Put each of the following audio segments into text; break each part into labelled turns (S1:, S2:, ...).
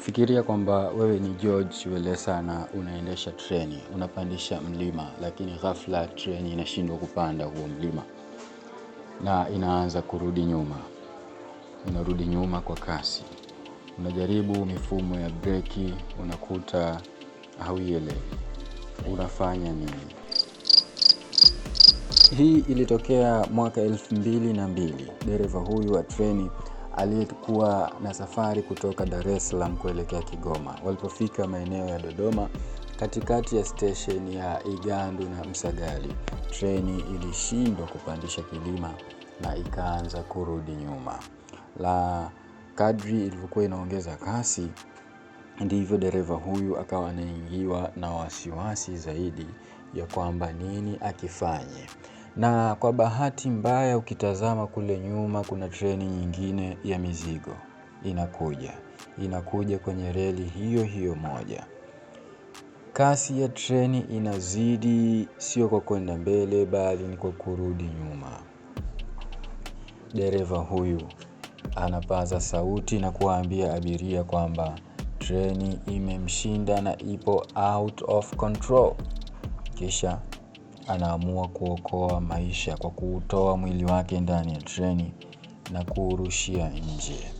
S1: Fikiria kwamba wewe ni George Welesa na unaendesha treni, unapandisha mlima, lakini ghafla treni inashindwa kupanda huo mlima na inaanza kurudi nyuma. Inarudi nyuma kwa kasi. Unajaribu mifumo ya breki, unakuta hauielewi. Unafanya nini? Hii ilitokea mwaka elfu mbili na mbili. Dereva huyu wa treni aliyekuwa na safari kutoka Dar es Salaam kuelekea Kigoma. Walipofika maeneo ya Dodoma, katikati ya stesheni ya Igandu na Msagali, treni ilishindwa kupandisha kilima na ikaanza kurudi nyuma. La kadri ilivyokuwa inaongeza kasi, ndivyo dereva huyu akawa anaingiwa na wasiwasi zaidi ya kwamba nini akifanye. Na kwa bahati mbaya ukitazama kule nyuma kuna treni nyingine ya mizigo inakuja. Inakuja kwenye reli hiyo hiyo moja. Kasi ya treni inazidi sio kwa kwenda mbele bali ni kwa kurudi nyuma. Dereva huyu anapaza sauti na kuwaambia abiria kwamba treni imemshinda na ipo out of control. Kisha anaamua kuokoa maisha kwa kuutoa mwili wake ndani ya treni na kuurushia nje.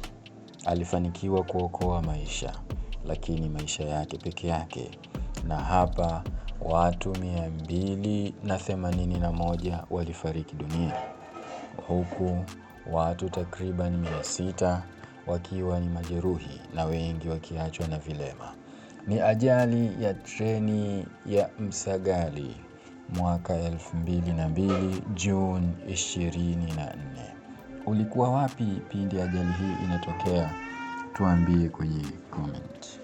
S1: Alifanikiwa kuokoa maisha, lakini maisha yake peke yake. Na hapa watu 281 walifariki dunia, huku watu takriban 600 wakiwa ni majeruhi na wengi wakiachwa na vilema. Ni ajali ya treni ya Msagali mwaka 2002 Juni 24. Ulikuwa wapi pindi ajali hii inatokea? Tuambie kwenye comment.